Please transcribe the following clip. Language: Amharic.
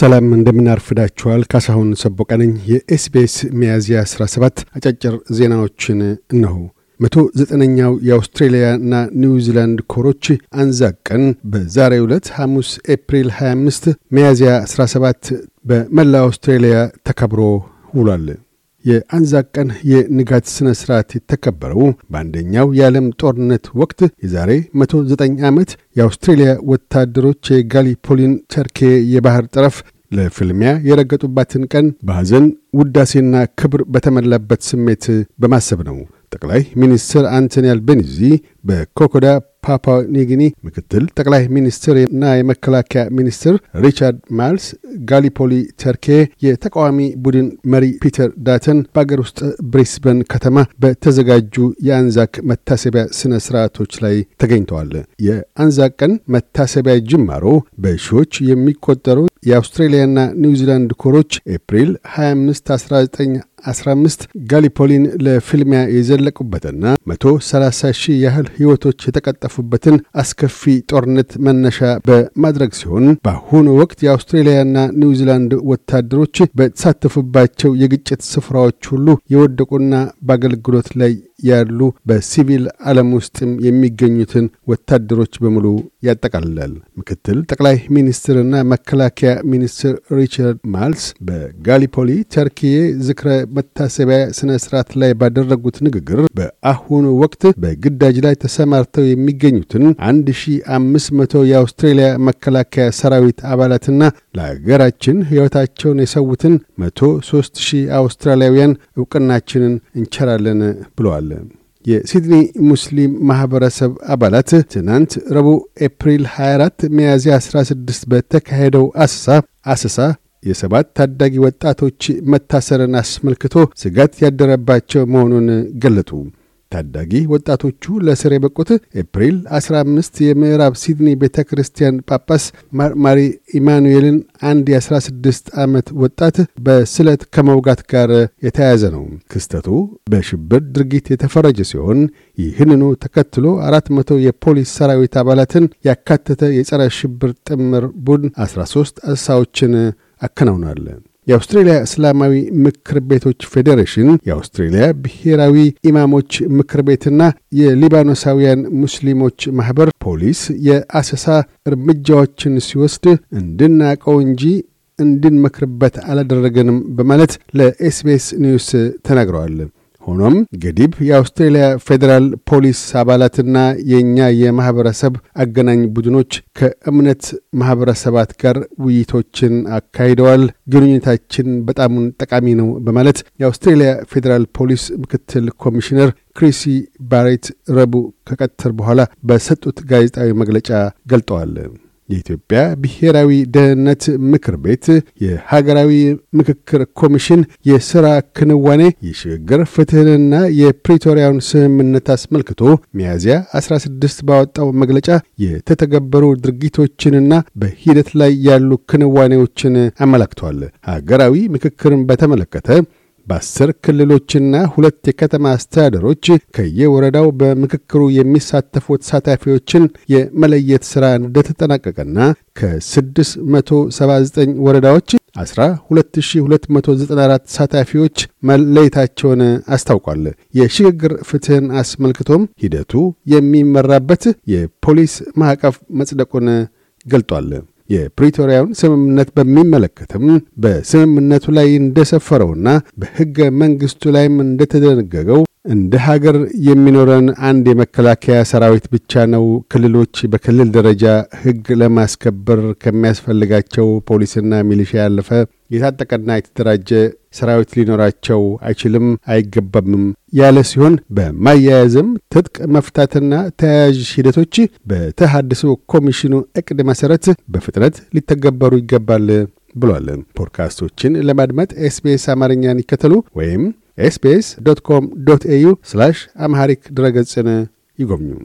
ሰላም እንደምናርፍዳችኋል። ካሳሁን ሰቦቀ ነኝ። መያዝያ ሚያዝያ 17 አጫጭር ዜናዎችን እነሆ። መቶ ዘጠነኛው ና ኒውዚላንድ ኮሮች አንዛቅ ቀን በዛሬ ዕለት ሐሙስ ኤፕሪል 25 ሚያዝያ 17 በመላ አውስትሬልያ ተከብሮ ውሏል። የአንዛቅ ቀን የንጋት ሥነ ሥርዓት የተከበረው በአንደኛው የዓለም ጦርነት ወቅት የዛሬ 109 ዓመት የአውስትሬልያ ወታደሮች የጋሊፖሊን ቸርኬ የባህር ጠረፍ ለፍልሚያ የረገጡባትን ቀን በሐዘን ውዳሴና ክብር በተሞላበት ስሜት በማሰብ ነው። ጠቅላይ ሚኒስትር አንቶኒ አልቤኒዚ በኮኮዳ ፓፓ ኒግኒ ምክትል ጠቅላይ ሚኒስትርና የመከላከያ ሚኒስትር ሪቻርድ ማልስ ጋሊፖሊ ተርኬ የተቃዋሚ ቡድን መሪ ፒተር ዳተን በአገር ውስጥ ብሬስበን ከተማ በተዘጋጁ የአንዛክ መታሰቢያ ስነ ስርዓቶች ላይ ተገኝተዋል። የአንዛክ ቀን መታሰቢያ ጅማሮ በሺዎች የሚቆጠሩ የአውስትሬልያና ኒውዚላንድ ኮሮች ኤፕሪል 25 19 15 ጋሊፖሊን ለፊልሚያ የዘለቁበትና 130 ሺህ ያህል ሕይወቶች የተቀጠፉበትን አስከፊ ጦርነት መነሻ በማድረግ ሲሆን በአሁኑ ወቅት የአውስትሬልያና ኒውዚላንድ ወታደሮች በተሳተፉባቸው የግጭት ስፍራዎች ሁሉ የወደቁና በአገልግሎት ላይ ያሉ በሲቪል ዓለም ውስጥም የሚገኙትን ወታደሮች በሙሉ ያጠቃልላል። ምክትል ጠቅላይ ሚኒስትርና መከላከያ ሚኒስትር ሪቻርድ ማልስ በጋሊፖሊ ተርኪዬ ዝክረ መታሰቢያ ስነ ስርዓት ላይ ባደረጉት ንግግር በአሁኑ ወቅት በግዳጅ ላይ ተሰማርተው የሚገኙትን 1500 የአውስትሬልያ መከላከያ ሰራዊት አባላትና ለአገራችን ሕይወታቸውን የሰዉትን መቶ ሦስት ሺህ አውስትራሊያውያን ዕውቅናችንን እንቸራለን ብለዋል። የሲድኒ ሙስሊም ማኅበረሰብ አባላት ትናንት ረቡዕ ኤፕሪል 24 ሚያዝያ 16 በተካሄደው አሰሳ አሰሳ የሰባት ታዳጊ ወጣቶች መታሰርን አስመልክቶ ስጋት ያደረባቸው መሆኑን ገለጡ። ታዳጊ ወጣቶቹ ለስር የበቁት ኤፕሪል 15 የምዕራብ ሲድኒ ቤተ ክርስቲያን ጳጳስ ማሪ ኢማኑኤልን አንድ የ16 ዓመት ወጣት በስለት ከመውጋት ጋር የተያያዘ ነው። ክስተቱ በሽብር ድርጊት የተፈረጀ ሲሆን ይህንኑ ተከትሎ 400 የፖሊስ ሰራዊት አባላትን ያካተተ የጸረ ሽብር ጥምር ቡድን 13 አሳዎችን አከናውናል። የአውስትሬልያ እስላማዊ ምክር ቤቶች ፌዴሬሽን፣ የአውስትሬልያ ብሔራዊ ኢማሞች ምክር ቤትና የሊባኖሳውያን ሙስሊሞች ማኅበር ፖሊስ የአሰሳ እርምጃዎችን ሲወስድ እንድናቀው እንጂ እንድንመክርበት አላደረገንም በማለት ለኤስቢኤስ ኒውስ ተናግረዋል። ሆኖም ገዲብ የአውስትሬልያ ፌዴራል ፖሊስ አባላትና የእኛ የማኅበረሰብ አገናኝ ቡድኖች ከእምነት ማኅበረሰባት ጋር ውይይቶችን አካሂደዋል። ግንኙነታችን በጣም ጠቃሚ ነው በማለት የአውስትሬልያ ፌዴራል ፖሊስ ምክትል ኮሚሽነር ክሪሲ ባሬት ረቡዕ ከቀትር በኋላ በሰጡት ጋዜጣዊ መግለጫ ገልጠዋል። የኢትዮጵያ ብሔራዊ ደህንነት ምክር ቤት፣ የሀገራዊ ምክክር ኮሚሽን የሥራ ክንዋኔ፣ የሽግግር ፍትሕንና የፕሪቶሪያውን ስምምነት አስመልክቶ ሚያዝያ 16 ባወጣው መግለጫ የተተገበሩ ድርጊቶችንና በሂደት ላይ ያሉ ክንዋኔዎችን አመላክቷል። ሀገራዊ ምክክርን በተመለከተ በአስር ክልሎችና ሁለት የከተማ አስተዳደሮች ከየወረዳው በምክክሩ የሚሳተፉ ተሳታፊዎችን የመለየት ሥራ እንደተጠናቀቀና ከ679 ወረዳዎች 12294 ተሳታፊዎች መለየታቸውን አስታውቋል። የሽግግር ፍትህን አስመልክቶም ሂደቱ የሚመራበት የፖሊስ ማዕቀፍ መጽደቁን ገልጧል። የፕሪቶሪያውን ስምምነት በሚመለከትም በስምምነቱ ላይ እንደሰፈረውና በሕገ መንግሥቱ ላይም እንደተደነገገው እንደ ሀገር የሚኖረን አንድ የመከላከያ ሰራዊት ብቻ ነው። ክልሎች በክልል ደረጃ ሕግ ለማስከበር ከሚያስፈልጋቸው ፖሊስና ሚሊሻ ያለፈ የታጠቀና የተደራጀ ሰራዊት ሊኖራቸው አይችልም አይገባምም ያለ ሲሆን በማያያዝም ትጥቅ መፍታትና ተያያዥ ሂደቶች በተሃድሶ ኮሚሽኑ እቅድ መሠረት በፍጥነት ሊተገበሩ ይገባል ብሏል። ፖድካስቶችን ለማድመጥ ኤስቤስ አማርኛን ይከተሉ ወይም ኤስቤስ ዶት ኮም ኤዩ ስላሽ አምሃሪክ ድረገጽን ይጎብኙ።